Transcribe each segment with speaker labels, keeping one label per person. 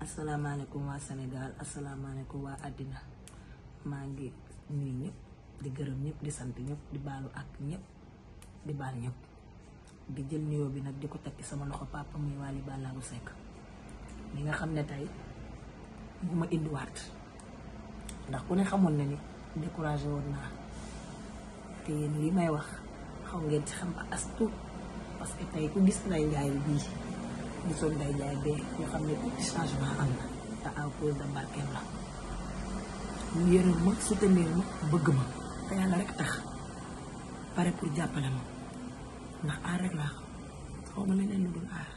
Speaker 1: asalaamaaleykum waa Sénégal asalaamaaleykum waa àddina maa ngi nuyu ñëpp di gërëm ñëpp di sant ñëpp di baalu ak ñépp di baal ñëpp di jël nuyoo bi nag di ko tekki sama loxo papa muy Wally Ballago Seck li nga xam ne tey bu ma indiwaat ndax ku ne xamoon na ni découragé woon naa te yéen li may wax xaw ngeen ci xam ba as tuut que tey ku gis lay ngaay bii. gisoon day jaay bee ñu xam ne petit changement am na te en cause de barkeem la
Speaker 2: mu soutenir ma bëgg ma
Speaker 1: te yàlla rek tax pare pour jàppale ma
Speaker 2: ndax aar rek laa xaw ma leneen lu dul aar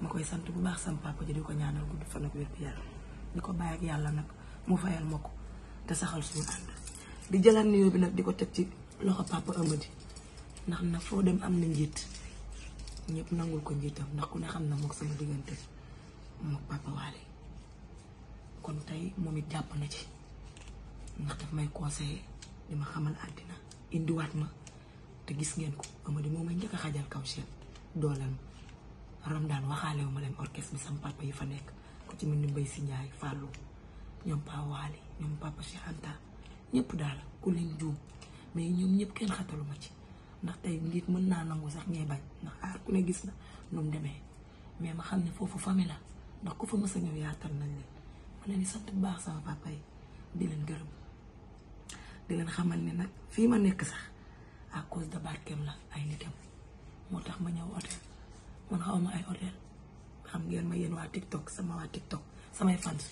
Speaker 2: ma koy sant bu baax sam papa ji di ko ñaanal gudd fan ak wér gu yaram di ko bàyyi ak yàlla nag mu fayal ma ko te saxal suñu ànd di jëlaat nuyoo bi nag di ko teg ci loxo papa Amady ndax nag foo dem am na njiit. ñëpp nangoo ko njiitam ndax ku ne xam na mook sama diggante mook Papa Wally kon tey moom it jàpp na ci ndax daf may conseiller di ma xamal àddina indiwaat ma te gis ngeen ko di moom a njëkk a xajal kaw seen dooleel Ramdaan waxaale wu ma leen orchestre bi sama papa yi fa nekk ku ci mel ni Mbaye Si Ndiaye Fallou ñoom Paa Wally ñoom Papa Cheikh Anta ñëpp daal ku leen juum mais ñoom ñëpp kenn xataluma ci. ndax tey njiit mën naa nangu sax ngay bañ ndax aar ah ku ne gis na nu demee mais ma xam ne foofu famille la ndax ku fa mës a ñëw yaatal nañ leen ma leen baax sama papa di leen gërëm di leen xamal ne nag fii ma nekk sax à cause la ay moo tax ma ñëw hôtel man ay hôtel xam ngeen ma yéen waa TikTok sama waa TikTok samay fans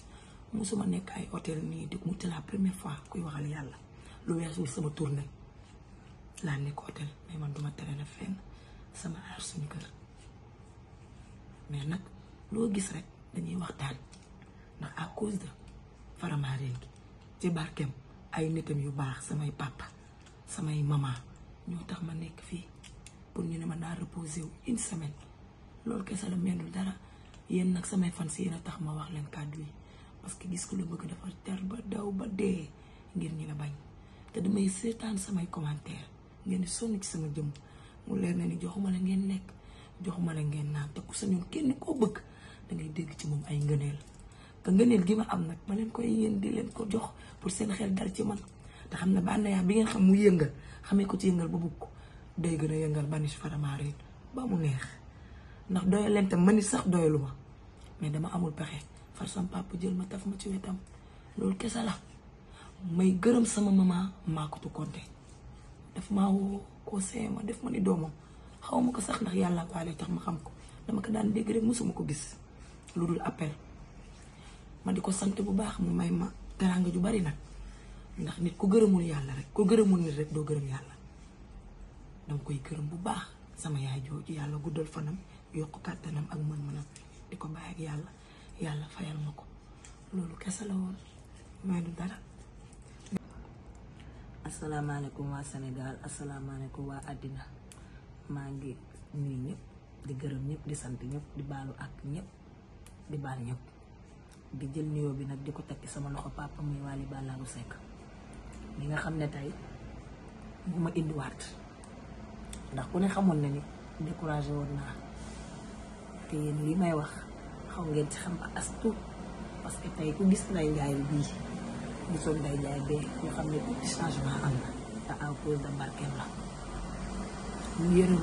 Speaker 2: musuma nekk ay hôtel nii di mu la première fois kuy waxal yàlla lu weesul sama tournée. laa nekk hôtel mais man duma tere na fenn sama aar suñu kër mais nag loo gis rek dañuy waxtaan ndax à cause de Faramareen gi ci barkeem ay nitam yu baax samay papa samay mama ñoo tax ma nekk fii pour ñu ne ma naa reposer wu une semaine loolu kese la melul dara yéen nag samay fan si yéen a tax ma wax leen kàddu yi parce que gis ku la bëgg dafa ter ba daw ba dee ngir ñu la bañ te damay seetaan samay commentaire ngeen di sonn ci sama jëm mu leer na ni joxuma la ngeen lekk joxuma la ngeen naan te ku sañoon kenn koo bëgg da ngay dégg ci moom ay ngëneel te ngëneel gi ma am nag ma leen koy yéen di leen ko jox pour seen xel dal ci man te xam ne bànneex bi ngeen xam mu yëngal xamee ko ci yëngal ba bugg day gën a yëngal banish faramarin ba mu neex ndax doyal leen te ni sax doyalu ma mais dama amul pexe far sama papa jël ma taf ma ci wetam loolu kese la may gërëm sama maman maa ko daf maa woo conseillé ma def ma ni doomam xaw ma ko sax ndax yàlla ko ale tax ma xam ko dama ko daan dégg rek mosuma ko gis lu dul appel ma di ko sant bu baax mu may ma teraanga ju bari nag ndax nit ku gërëmul yàlla rek ku gërëmul nit rek doo gërëm yàlla dama koy gërëm bu baax sama yaay jooju yàlla guddal fanam yokk kàttanam ak mën-mënam di ko bàyyi ak yàlla yàlla fayal ma ko loolu kese la woon may du dara
Speaker 1: asalaamaaleykum waa Sénégal asalaamaaleykum waa àddina maa ngi nuyu ñëpp di gërëm ñëpp di sant ñëpp di baalu ak ñépp di baal ñëpp di jël nuyoo bi nag di ko tekki sama loxo papa muy Wally Ballago Seck li nga xam ne tey bu ma indiwaat ndax ku ne xamoon na ni découragé woon naa te yéen li may wax xaw ngeen ci xam ba as tuut parce que tey ku gis lay njaay bii gisoon Baye Ndiaye bee ñu xam ne tuuti changement am na te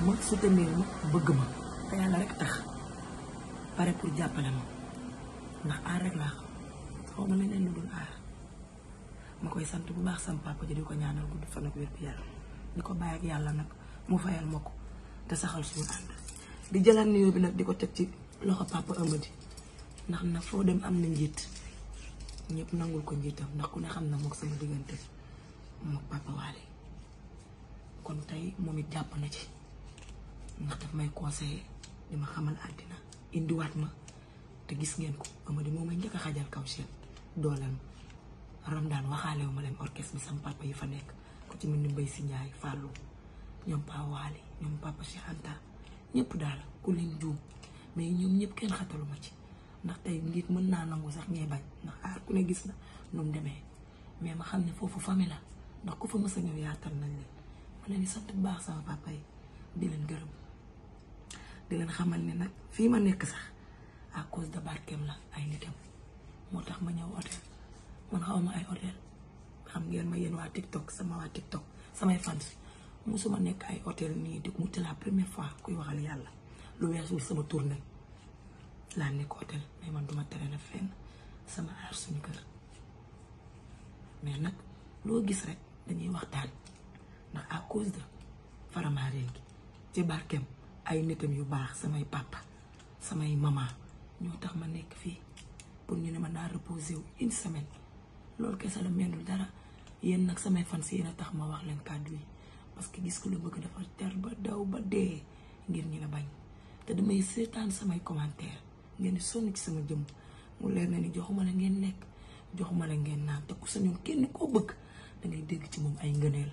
Speaker 2: ma soutenir ma bëgg ma te koy sant bu baax sama papa ji ko ñaanal gudd fan ak ko bàyyi yàlla nag mu fayal ma ko te saxal suñu ànd di jëlaat di ko teg ci loxo papa ëmb na foo dem am na njiit. ñépp nangul ko njiitam ndax ku ne xam na mook sama diggante mook Papa Wally kon tey moom it jàpp na ci ndax daf may conseiller di ma xamal àddina indiwaat ma te gis ngeen ko moom may njëkk a xajal kaw seen dooleel ma Ramdaan waxaalewu ma leen orchestre bi sama papa yi fa nekk ku ci mel ni Mbaye si Ndiaye Fallou ñoom Papa Wally ñoom Papa Cheikh Anta ñëpp daal ku leen juum mais ñoom ñëpp kenn xataluma ci ndax tey njiit mën naa nangu sax ngay bañ ndax aar ku ne gis na nu demee mais ma xam ne foofu famille la ndax ku fa mës a ñëw yaatal nañ leen ma leen di baax sama papa yi gërëm di leen xamal ne nag fii ma nekk sax à cause de la ay tax ma ñëw hôtel man ay hôtel xam ngeen ma yéen waa TikTok sama waa TikTok samay fans musuma nekk ay hôtel nii di mu la première fois kuy waxal yàlla lu weesul sama tournée. laa nekk hôtel mais man duma tere la fenn sama aar suñu kër mais nag loo gis rek dañuy waxtaan ndax à cause de Faramareen gi ci barkeem ay nitam yu baax samay papa samay mama ñoo tax ma nekk fii pour ñu ne ma naa reposer wu une semaine loolu kese la melul dara yéen nag samay fan si yéen a tax ma wax leen kàddu yi parce que gis ku la bëgg dafa ter ba daw ba dee ngir ñu la bañ te damay seetaan samay commentaire ngeen di sonn ci sama jëm mu leer na ni joxuma la ngeen lekk joxuma la ngeen naan te ku sañoon kenn koo bëgg da ngay dégg ci moom ay ngëneel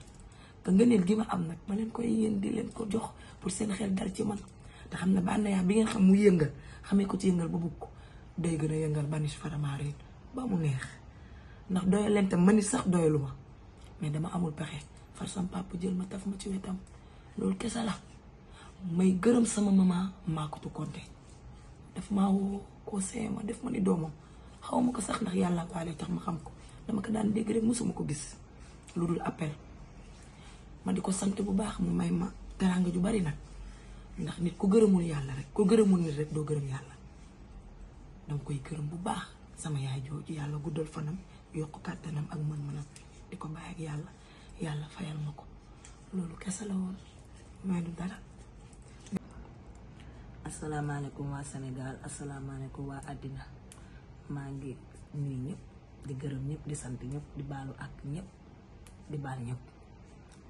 Speaker 2: te ngëneel gi ma am nag ma leen koy yéen di leen ko jox pour seen xel dal ci man te xam ne bànneex bi ngeen xam mu yëngal xamee ko ci yëngal ba bëgg ko day gën a yëngal banis faramaareen ba mu neex ndax doyal leen tam ma ni sax doyalu ma mais dama amul pexe far sama papa jël ma taf ma ci wetam loolu kese la may gërëm sama maman maa ko ma maa woo conseillé ma def ma ni doomam xaw ma ko sax ndax yàlla ko tax ma xam ko dama ko daan dégg rek mosuma ko gis lu dul appel ma di ko sant bu baax mu may ma teraanga ju bari nag ndax nit ku gërëmul yàlla rek ku gërëmul nit doo gërëm yàlla dama koy gërëm bu baax sama yaay jooju yàlla guddal fanam yokk kàttanam ak mën-mënam di ko bàyyi ak yàlla yàlla fayal ma ko loolu kese la woon
Speaker 1: may du dara asalaamaaleykum waa Sénégal asalaamaaleykum waa àddina maa ngi nuyu ñëpp di gërëm ñépp di sant ñëpp di baalu ak ñépp di baal ñëpp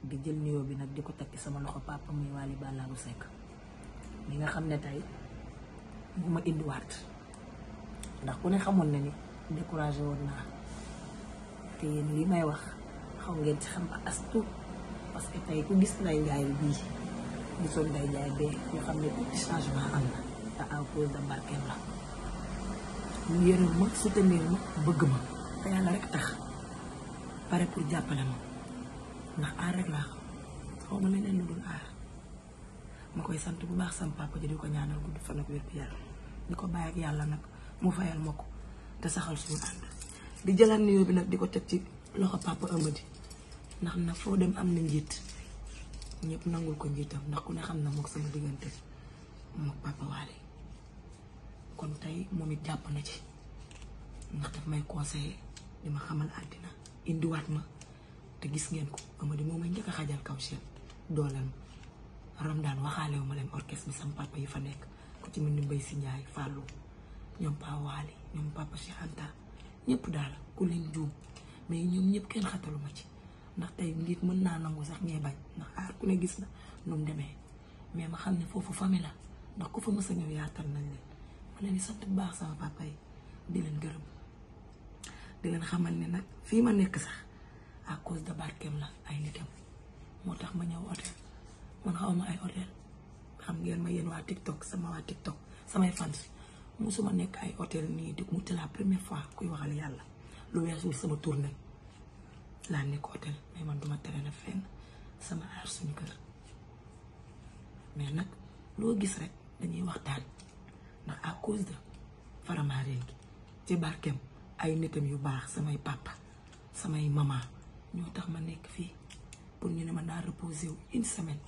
Speaker 1: di jël nuyoo bi nag di ko tekki sama loxo papa muy Wally Ballago Seck li nga xam ne tey mu ma indiwaat ndax ku ne xamoon na ni découragé woon naa te yéen li may wax xaw ngeen ci xam astu parce que tey ku gis lay ngaay bii gisoon Ndeye Ndiaye bee ñu xam ne petit changement am na pour
Speaker 2: jàppale ma ndax aar koy sant bu baax sama papa ji ko ñaanal gudd fan ak yàlla di mu fayal ma ko te bi di ko teg ci loxo papa Amady ndax nag foo dem am na njiit. ñëpp nangul ko njiitam ndax ku ne xam na mook sama diggante mook Papa Wally kon tey moom it jàpp na ci ndax daf may conseiller di ma xamal àddina indiwaat ma te gis ngeen ko Amady moom may njëkk a xajal kaw seen dooleem Ramdaan waxaale wu ma leen orchestre bi sama papa yi fa nekk ku ci mel ni Mbaye si Ndiaye Fallou ñoom Paa Wally ñoom Papa Cheikh Anta ñëpp daal ku leen juum mais ñoom ñëpp kenn xataluma ci. ndax tey nit mën naa nangu sax ngay bañ ndax aar ku ne gis na nu demee mais ma xam ne foofu famille la ndax ku fa mës a ñëw yaatal nañ leen ma leen di sant baax sama papa di leen gërëm di leen xamal ne nag fii ma nekk sax à cause la ay moo tax ma ñëw hôtel man ay hôtel ngeen ma yéen waa TikTok sama waa TikTok samay fans musuma nekk ay hôtel nii di mu la première fois kuy waxal yàlla lu weesul sama tournée. laa nekk hôtel mais man duma tere na fenn sama aar suñu kër mais nag loo gis rek dañuy waxtaan ndax à cause de Faramareen gi ci barkeem ay nitam yu baax samay papa samay mama ñoo tax ma nekk fii pour ñu ne ma naa reposer wu une semaine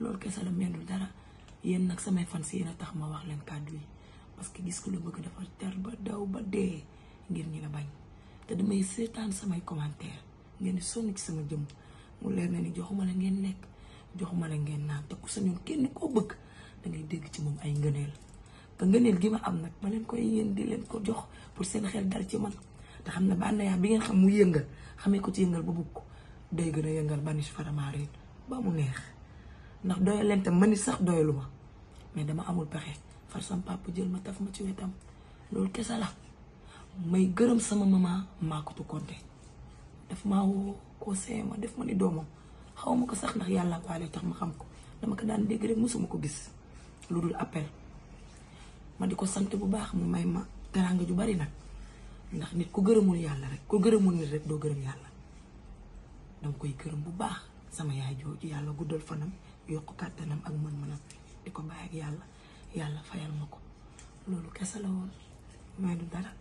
Speaker 2: loolu kese la melul dara yéen nag samay fan yéen a tax ma wax leen kàddu yi parce que gis ku la bëgg dafa ter ba daw ba dee ngir ñu la bañ te damay seetaan samay commentaire ngeen di sonn ci sama jëm mu leer na ni joxuma la ngeen nekk joxuma la ngeen naan te ku sañoon kenn koo bëgg da ngay dégg ci moom ay ngëneel te ngëneel gi ma am nag ma leen koy yéen di leen ko jox pour seen xel dal ci man te xam ne bànneex bi ngeen xam mu yëngal xamee ko ci yëngal ba bugg ko day gën a yëngal banish faramarin ba mu neex ndax doyal leen te ni sax doyalu ma mais dama amul pexe far sama jël ma taf ma ci wetam loolu kese la may gërëm sama maman Makotou Konté daf maa woo conseillé ma def ma ni doomam xaw ma ko sax ndax yàlla baale tax ma xam ko dama ko daan dégg rek mosuma ko gis lu dul appel ma di ko sant bu baax mu may ma teraanga ju bari nag ndax nit ku gërëmul yàlla rek ku gërëmul nit rek doo gërëm yàlla dama koy gërëm bu baax sama yaay jooju yàlla guddal fanam yokk
Speaker 1: kàttanam ak mën-mënam di ko bàyyi ak yàlla yàlla fayal ma ko loolu kese la woon may du dara